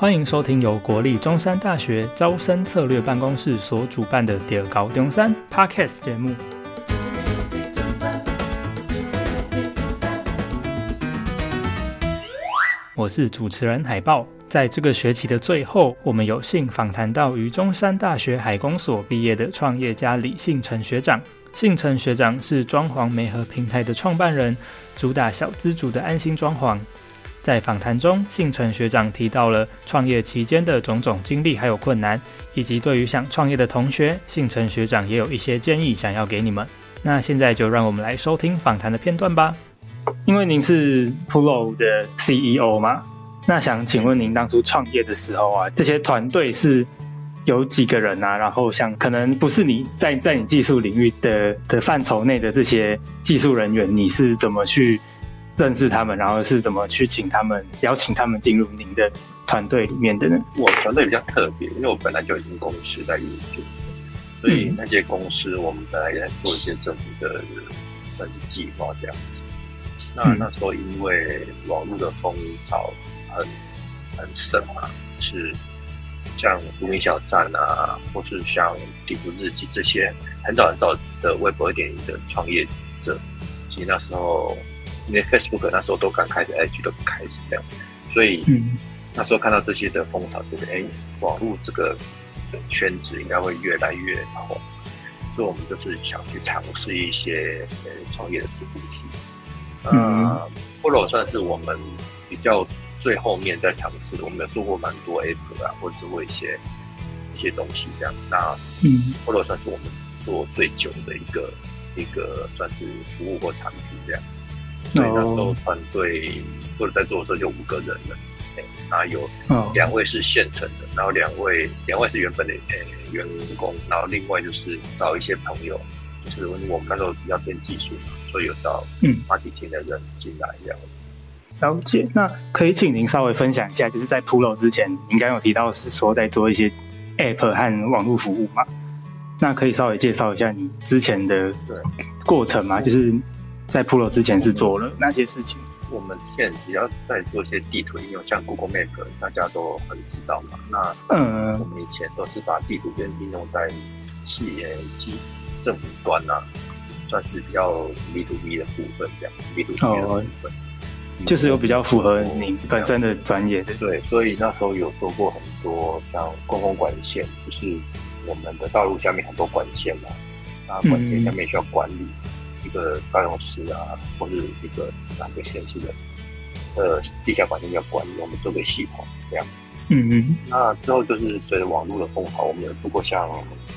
歡迎收聽由國立中山大學招生策略辦公室所主辦的《第二高中三》Podcast 節目。我是主持人海豹。在這個學期的最後，我們有幸訪談到於中山大學海工所畢業的創業家李信成學長。信成學長是裝潢媒合平台的創辦人，主打小資族的安心裝潢。在訪談中，信成學長提到了創業期間的種種經歷還有困難，以及對於想創業的同學，信成學長也有一些建議想要給你們。那現在就讓我們來收聽訪談的片段吧。因為您是 PULO 的 CEO 嗎？那想請問您當初創業的時候啊，這些團隊是有幾個人啊？然後像可能不是你在在你技術領域的的範疇內的這些技術人員，你是怎麼去？認識他們，然後是怎麼去請他們、邀請他們進入您的團隊裡面的呢？我團隊比較特別，因為我本來就已經公司在運作，所以那些公司我們本來也在做一些政府的分計劃這樣子。那那時候因為網絡的風潮很很盛嘛、啊，是像無名小站啊，或是像地圖日記這些很早很早的 Web 2.0一點的創業者，所以那時候。因為 Facebook 那時候都剛開始，IG 都開始這樣，所以那時候看到這些的風潮，就是哎，網絡這個圈子應該會越來越好，所以我們就是想去嘗試一些呃創業的主題。呃、嗯 PULO 算是我們比較最後面在嘗試，我們有做過蠻多 App 啊，或者做一些一些東西這樣。那嗯，PULO 算是我們做最久的一個一個算是服務或產品這樣。所以那時候團隊或者在做的時候就五個人了、欸，然後有兩位是現成的，然後兩位兩、oh. 位是原本的員、欸、工，然後另外就是找一些朋友，就是我們那時候比較偏技術嘛，所以有找體型嗯，marketing 的人進來，了解，那可以請您稍微分享一下，就是在 PULO 之前，您剛剛有提到是說在做一些 app 和網絡服務嘛？那可以稍微介紹一下你之前的對過程嗎？就是。在 PULO 之前是做了哪些事情？嗯、我們現在只要在做一些地圖應用，像 Google Map，大家都很知道嘛。那嗯，我們以前都是把地圖應用在企業、以及政府端啊，算是比較 B to B 的部分這樣、oh、，B to B 的部分。就是有比較符合你本身的專業，對。所以那時候有做過很多像公共管線，就是我們的道路下面很多管線嘛，那管線下面需要管理。嗯一個大用室啊，或者一個哪個城市的呃地下管線要管理，我們做個系統這樣。嗯嗯。那之後就是隨着網絡的風潮，我們有做過像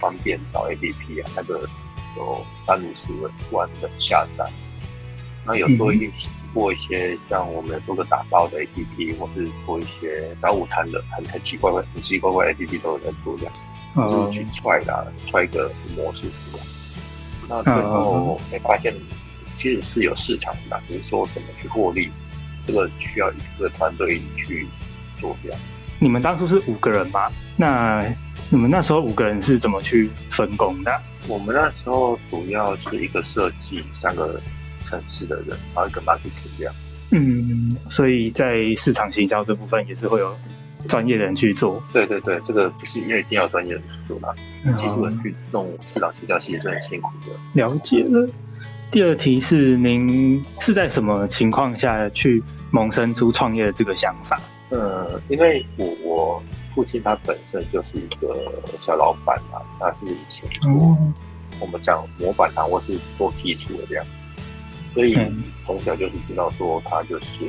方便找 APP 啊，那個有三五十萬的下載。那有時候一定過一些像我們做個打包的 APP、嗯嗯、或是做一些找午餐的很很奇怪怪奇奇怪怪 APP 都有在做這樣，哦、就是去踹它、啊，踹一個模式出來。那最後才發現，其實是有市場的，只是說怎麼去獲利，這個需要一個團隊去做掉。你們當初是五個人嗎？那你們那時候五個人是怎麼去分工的？我們那時候主要是一個設計三個程式、的人，然後一個 marketing 這樣。嗯，所以在市場行銷這部分也是會有。專業的人去做，對對對，這個不是因為一定要專業人去做嘛、啊，技術人去弄市場七架，其實是很辛苦的、嗯。了解了。第二題是，您是在什麼情況下去萌生出創業的這個想法？呃、嗯，因為我我父親他本身就是一個小老板嘛、啊，他是以前做、嗯啊，我們講模板然或是做技術的這樣。所以從小就是知道說他就是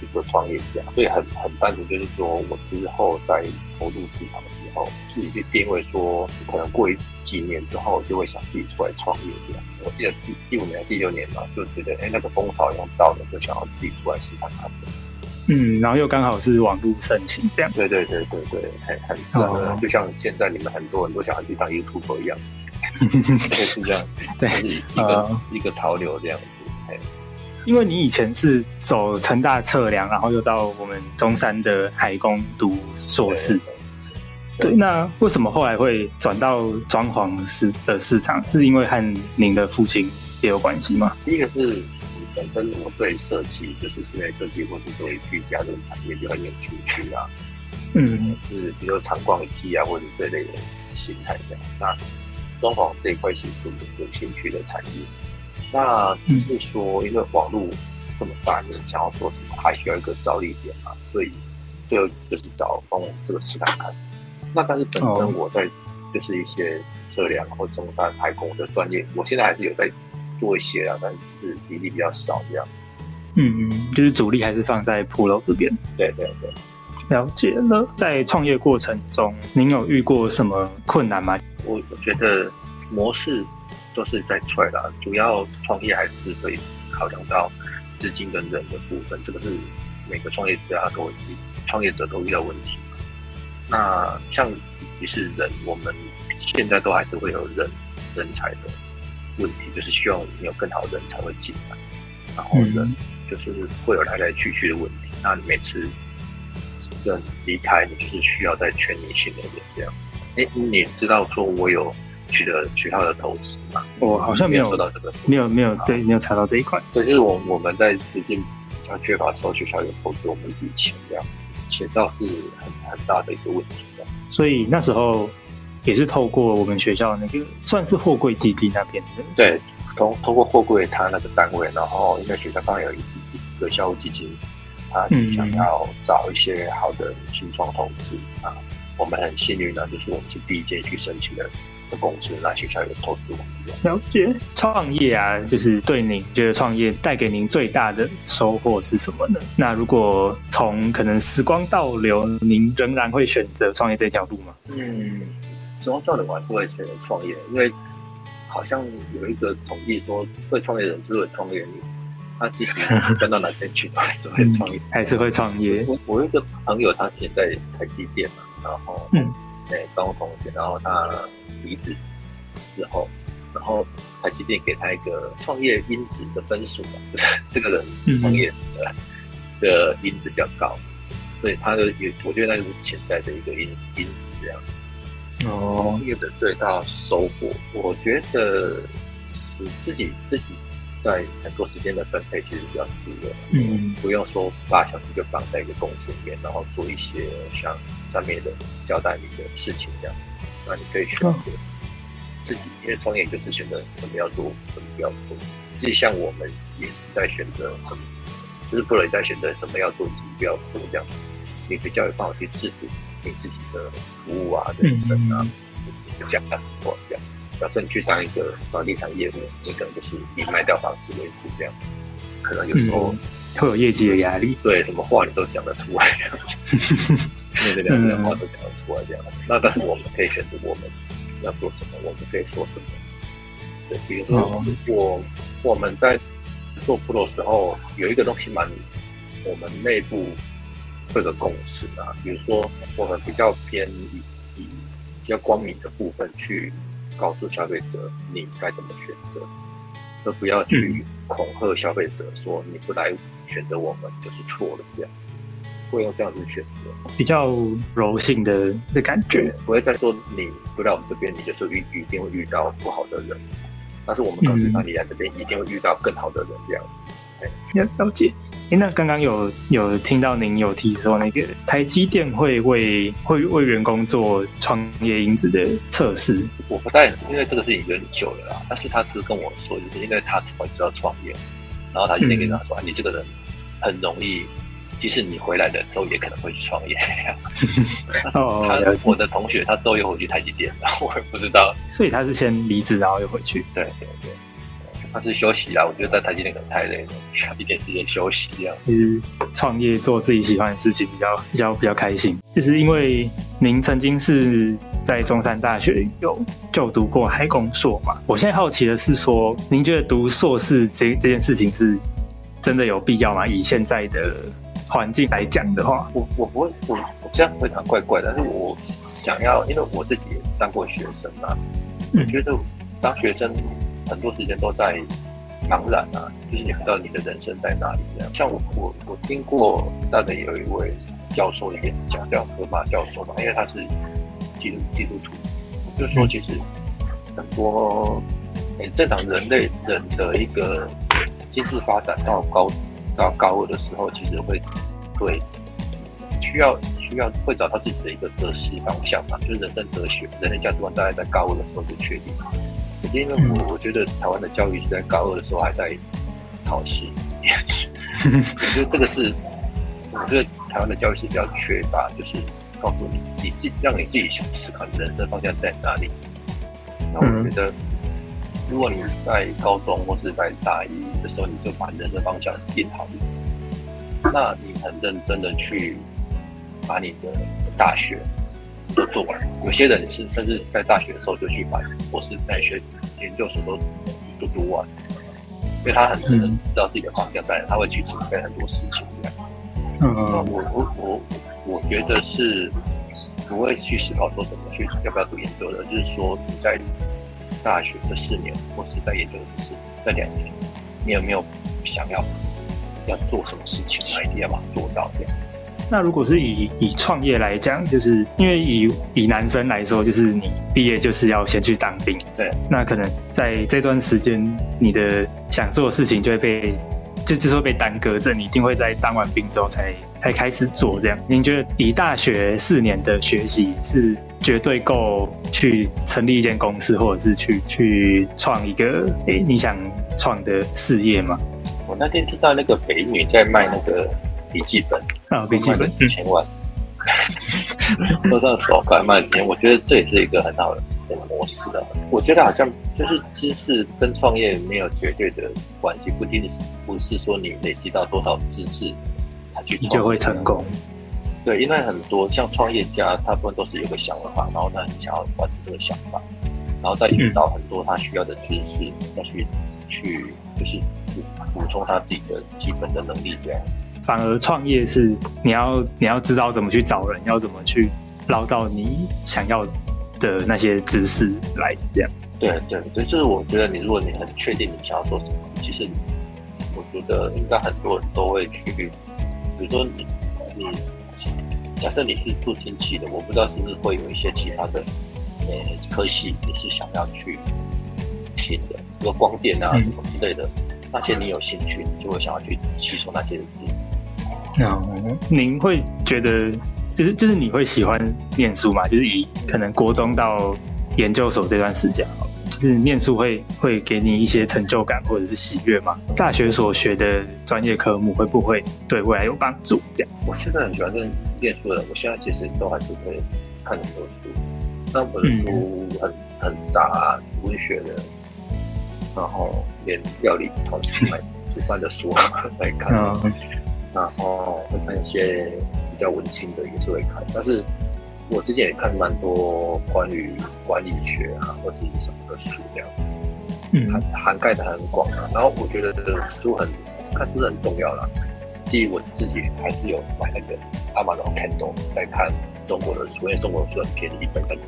一個創業家，所以很很單純就是說我之後在投入職場的時候，自己去定位說可能過幾年之後就會想自己出來創業這樣。我記得第第五年、第六年嘛，就覺得哎、欸、那個風潮已經到了，就想要自己出來試看看。嗯，然後又剛好是網絡申請這樣。對對對對對，很很像，哦哦就像現在你們很多很多小孩去當 YouTuber 一樣，也 是這樣，還是對，一個、呃、一個潮流這樣。因為你以前是走成大測量，然後又到我們中山的海工讀碩士，對，那為什麼後來會轉到裝潢市的市場？是因為和您的父親也有關係嗎？第一個是你本身我對設計，就是室內設計或是關於居家這個產業就很有興趣啦，嗯，是比如說長廣期啊，或者這類的形態的，那裝潢這一塊也是有有興趣的產業。那就是說，因為網路這麼大，嗯、你想要做什麼，還需要一個着力點嘛、啊。所以，最後就是找幫我們這個市場看,看。那但是本身我在、嗯、就是一些測量或中山海工的專業，我現在還是有在做一些啊，但是,是比例比較少這樣。嗯，就是主力還是放在 PULO 這邊。對對對，了解了。在創業過程中，您有遇過什麼困難嗎？我我覺得。模式都是在踹 r 啦，主要創業還是可以考量到資金跟人的部分，這個是每個創業者都遇創業者都遇到問題。那像就是人，我們現在都還是會有人人才的問題，就是希望你有更好的人才會進來，然後人，就是會有來來去去的問題。嗯嗯，那你每次人離開，你就是需要在全女性的人這樣。哎、欸，你知道說我有。取得學校的投資嘛？我好像沒有沒收到這個，沒有沒有，對，沒有查到這一塊。啊，對，就是我們我們在最近比較缺乏的時候，學校有投資我們一筆錢，這樣錢倒是很，很大的一個問題。所以那時候也是透過我們學校那個算是貨櫃基地那邊，對，通通過貨櫃他那個單位，然後因為學校剛好有一,一,一,一個校友基金，啊就、嗯、想要找一些好的新創投資啊。我們很幸運呢，就是我們是第一屆去申請的公司來，學校有投資我們。了解創業啊，就是對，您覺得創業帶給您最大的收穫是什麼呢？那如果從可能時光倒流，您仍然會選擇創業這條路嗎？嗯，時光倒流我還是會選擇創業，因為好像有一個統計說，會創業的人就是會創業。他其實搬到哪邊去還、 嗯，還是會創業，還是會創業。我我一個朋友，他現在台積電嘛，然後嗯，那、欸、高中同學，然後他離職之後，然後台積電給他一個創業因子的分數嘛，就是這個人創業的因子、嗯嗯、比較高，所以他的也我覺得那是潛在的一個因因子這樣子。哦，創業的最大收穫，我覺得是自己自己，在很多時間的分配其實比較自由，嗯，不用說八小時就綁在一個公司裡面，然後做一些像上面的交代你的事情這樣。那你可以選擇自己，哦、因為創業就是選擇什麼要做，什麼不要做。自己像我們也是在選擇什麼，就是不能再選擇什麼要做，什麼不要做這樣。你可以教育幫我去自主你自己的服務啊、人、就是、生啊，這樣、嗯、這樣。嗯這樣。假設你去當一個房地產業務，你可能就是以賣掉房子為主，這樣可能有時候、嗯、會有業績的壓力。對，什麼話你都講得出來這，那那兩句話都講得出來，這樣。嗯、那但是我們可以選擇我們要做什麼，我們可以做什麼。對，比如說如果，我、嗯、我們在做 PULO 的時候，有一個東西蠻，我們內部這個共識啊，比如說我們比較偏以，以比較光明的部分去。告訴消費者你該怎麼選擇，而不要去恐嚇消費者說你不來選擇我們就是錯了這樣，會用這樣子選擇比較柔性的的感覺，不會再說你不來我們這邊，你就是一定會遇到不好的人，但是我們告訴他，你來、嗯、這邊，一定會遇到更好的人這樣子。要了解，哎、欸，那剛剛有有聽到您有提說那個台積電會為會，會為員工做創業因子的測試？我不太因為這個事已經很久了啦，但是他只是跟我說，就是因為他突然就創業，然後他就跟他說、嗯啊：“你這個人很容易，即使你回來的時候也可能會去創業。 他是” 哦，他我的同學他之後又回去台積電，然後我也不知道，所以他是先離職，然後又回去。對對對。對對他是休息啦、啊，我覺得在台積電可能太累了，一點時間休息一、啊、樣。其實創業做自己喜歡的事情比較比較比較開心。其實因為您曾經是在中山大學有就，就讀過海工碩嘛，我現在好奇的是說，您覺得讀碩士這這件事情是真的有必要嗎？以現在的環境來講的話，我我不會，我我這樣會談怪怪的，但是我想要，因為我自己也當過學生嘛，嗯、我覺得當學生。很多時間都在茫然啊，就是你不知道你的人生在哪裡這樣。像我，我我聽過大概有一位教授演講，叫何馬教授嘛，因為他是基督基督徒，就是說其實很多、欸、正常人類人的一個經濟發展到高到高二的時候，其實會對需要需要會找到自己的一個哲學方向嘛、啊，就是人生哲學、人類價值觀，大概在高二的時候就確定好。因為我我覺得台灣的教育是在高二的時候還在考試，我覺得這個是，我覺得台灣的教育是比較缺乏，就是告訴你，你自讓你自己去思考你人生方向在哪裡。然後我覺得，如果你在高中或是在大一的時候，你就把人生方向定好，那你很認真的去把你的大學都做完。有些人是甚至在大學的時候就去把博士在學。研究所都都讀完，所以他很可能知道自己的方向在哪，嗯、但他會去準備很多事情這樣。嗯，嗯我我我我覺得是不會去思考說怎麼去要不要讀研究的，就是說你在大學這四年，或是在研究這四年，這兩年，你有沒有想要要做什麼事情，還一定要把它做到這樣。那如果是以以創業來講，就是因為以以男生來說，就是你畢業就是要先去當兵，對，那可能在這段時間，你的想做的事情就會被就就是會被耽擱着，這你一定會在當完兵之後才才開始做這樣。您覺得以大學四年的學習是絕對夠去成立一間公司，或者是去去創一個誒你想創的事業嗎？我那天聽到那個北女在賣那個筆記本。筆記本千萬，手上手快慢。錢，我覺得這也是一個很好的模式了、啊。我覺得好像就是知識跟創業沒有絕對的關係，不僅僅不是說你累積到多少知識，他去你就會成功。對，因為很多像創業家，大部分都是有個想法，然後呢想要完成這個想法，然後再去找很多他需要的知識，再去去就是補充他自己的基本的能力這樣，對。反而創業是你要你要知道怎麼去找人，要怎麼去撈到你想要的那些知識來這樣。對對，所以就是我覺得你如果你很確定你想要做什麼，其實我覺得應該很多人都會去。比如說你，你假設你是做天氣的，我不知道是不是會有一些其他的呃科系你是想要去聽的，比如光電啊之、嗯、類的，那些你有興趣，你就會想要去吸收那些知識。嗯，No. 您會覺得，就是就是你會喜歡念書嘛，就是以可能國中到研究所這段時間，就是念書會會給你一些成就感或者是喜悅嗎？大學所學的專業科目會不會對未來有幫助？這樣？我現在很喜歡念念書的人，我現在其實都還是會看很多書，我的書很、嗯、很大，文學的，然後連料理、烹飪、煮飯的書，我都看。No. 然後會看一些比較文青的，也是會看。但是我之前也看蠻多關於管理學啊，或者是什麼的書，這樣，嗯，涵涵蓋的還很廣啊。然後我覺得書很看書是很重要啦，至於我自己還是有買那個 Amazon Kindle，在看中國的書，因為中國的書，很書很便宜，一本幾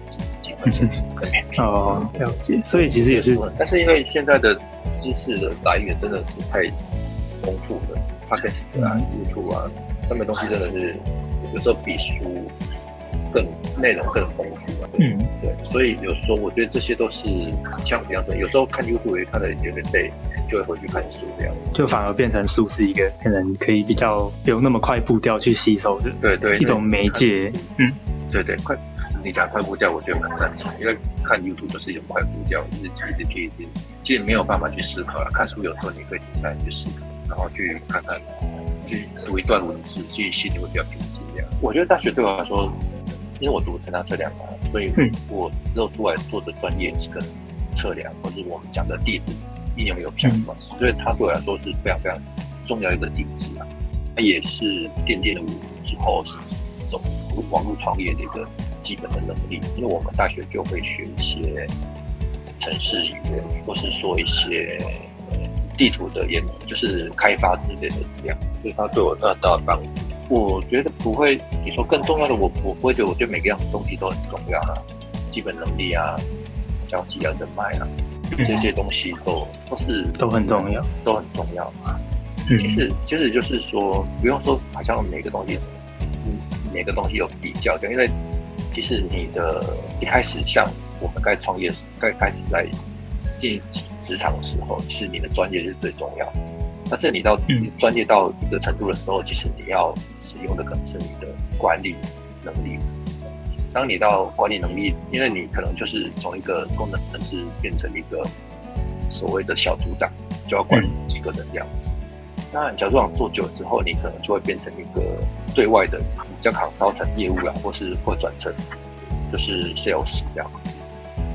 幾塊錢，很便宜哦。了解，所以其實也是，但是因為現在的知識的來源真的是太豐富了。啊、嗯、，YouTube 啊，上面的東西真的是有時候比書更內容更豐富啊。嗯，對，所以有時候我覺得這些都是像比較說，有時候看 YouTube 也看人得有點累，就會回去看書這樣。就反而變成書是一個可能可以比較有那麼快步調去吸收的，的對對，對一種媒介。嗯，對，對對，快你講快步調，我覺得蠻贊成，因為看 YouTube 就是一種快步調，日積月累，已其實沒有辦法去思考了、啊。嗯、看書有時候你可以停下來去思考。然後去看看，去讀一段文字，自己心裡會比較平靜。這樣，我覺得大學對我來說，因為我讀測量測量嘛，所以我之後出來做的專業這個測量，或是我們講的地圖應用有相關，所以它對我來說是非常非常重要一個底子啊。它也是奠定我之後是走網絡創業的一個基本的能力，因為我們大學就會學一些程式語言，或是說一些。地圖的研，就是開發之類的這樣，所以它對我大大幫助。我覺得不會，你說更重要的我，我我不會覺得，我覺得每個樣的東西都很重要啊，基本能力啊，交際啊，人脈啊，嗯、這些東西都都是都很重要，都很重要啊。嗯、其實其實就是說，不用說好像每個東西，每個東西有比較，因為其實你的一開始像我們該創業，該開始在進。職場的時候，其實你的專業是最重要的。那這你到專業到一個程度的時候，嗯、其實你要使用的可能是你的管理能力。當你到管理能力，因為你可能就是從一個工程師變成一個所謂的小組長，就要管理幾個人這樣子。當然、嗯、小組長做久了之後，你可能就會變成一個對外的比較好招成業務啊，或是或轉成就是 Sales 這樣。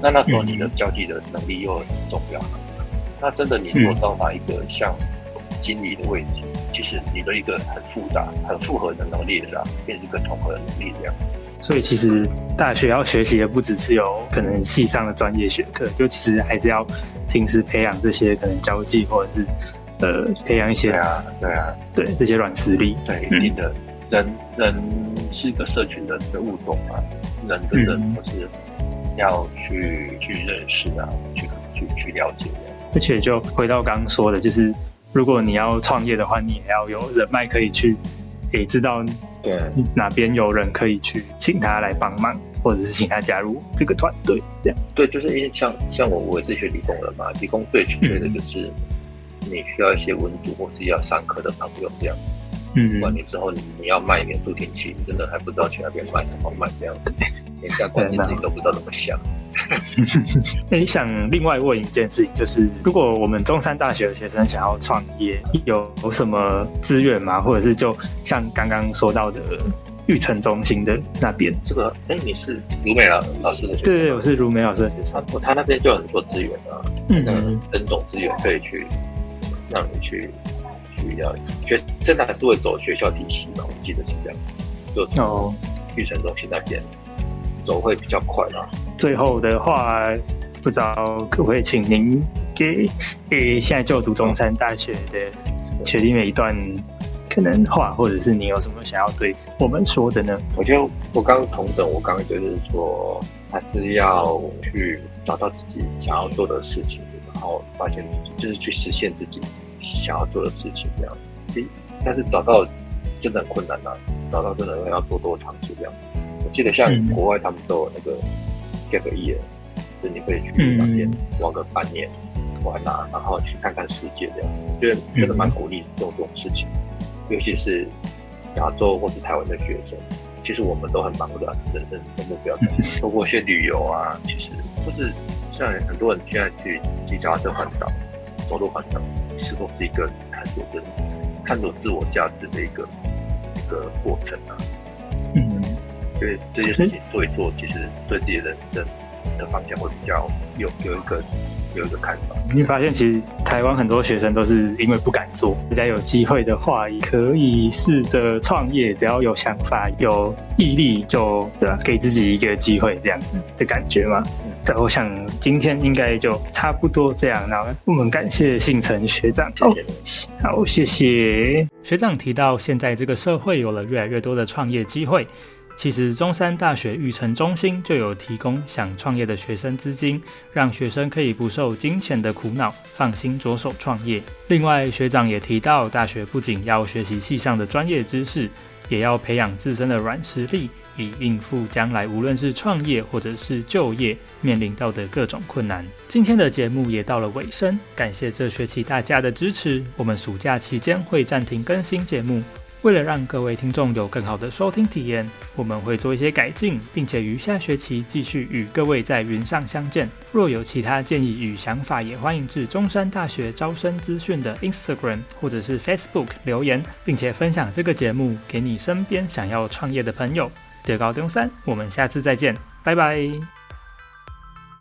那那時候你的交際的能力又很重要了。嗯、那真的你做到達一個像經理的位置，嗯、其實你的一個很複雜、很複合的能力啦、啊，變成一個統合的能力這樣。所以其實大學要學習的不只是有可能系上的專業學科，就其實還是要平時培養這些可能交際或者是呃對培養一些對啊對啊對這些軟實力。對，一定、嗯、的。人，人是一個社群的物種啊，人跟人或是、嗯。要去去認識啊，去去去了解、啊。而且就回到剛剛說的，就是如果你要創業的話，你也要有人脈可以去，也、欸、知道對哪邊有人可以去請他來幫忙，或者是請他加入這個團隊這樣。對，就是因為像像我我也是學理工的嘛，理工最缺的就是、嗯、你需要一些文組或是要商科的朋友這樣。嗯，完你之後，你要賣一點助聽器，真的還不知道去那邊賣，怎麼賣這樣子。對連現在關鍵自己嘛都不知道怎麼想。那你、 欸、想另外問一件事情，就是如果我們中山大學的學生想要創業，有什麼資源嗎？或者是就像剛剛說到的育成中心的那邊，這個，哎、欸，你是如美，美老師的學生？對對，我是如美老師的學生。他那邊就有很多資源啊，嗯，嗯，很多資源可以去讓你去。比較學現在還是會走學校體系嘛？我記得是這樣，就育成中心那邊、哦、走會比較快嘛、啊。最後的話，不知道可不可以請您給給現在就讀中山大學的、哦、學弟妹一段可能話，或者是你有什麼想要對我們說的呢？我覺得我剛同等，我剛覺得就是說，還是要去找到自己想要做的事情，然後發現就是去實現自己。想要做的事情這樣子，其但是，找到真的很困難啊！找到真的要多多嘗試這樣。我記得像國外他們都有那個 gap year，mm hmm. 就是你可以去那邊玩個半年，玩啊，然後去看看世界這樣，覺得真的蠻鼓勵做這種事情。Mm hmm. 尤其是亞洲或是台灣的學生，其實我們都很忙的，人生的目標透過，一些旅遊啊，其實就是像很多人現在去騎腳踏車環島、走路環島。是否是一個探索的、探索自我價值的一個一個過程啊？嗯，所以這些事情做一做，其實對自己人的人生的方向會比較有有一個。有的看法，你發現其實台灣很多學生都是因為不敢做，大家有機會的話也可以試着創業，只要有想法、有毅力就對吧？給自己一個機會這樣子的感覺嘛。那我想今天應該就差不多這樣，然後我們感謝信成學長。哦，好，謝謝學長提到現在這個社會有了越來越多的創業機會。其實中山大學育成中心就有提供想創業的學生資金，讓學生可以不受金錢的苦惱，放心着手創業。另外，學長也提到，大學不僅要學習系上的專業知識，也要培養自身的軟實力，以應付將來無論是創業或者是就業面臨到的各種困難。今天的節目也到了尾聲，感謝這學期大家的支持。我們暑假期間會暫停更新節目。為了讓各位聽眾有更好的收聽體驗，我們會做一些改進，並且於下學期繼續與各位在雲上相見。若有其他建議與想法，也歡迎至中山大學招生資訊的 Instagram 或者是 Facebook 留言，並且分享這個節目給你身邊想要創業的朋友。德高中三，我們下次再見，拜拜。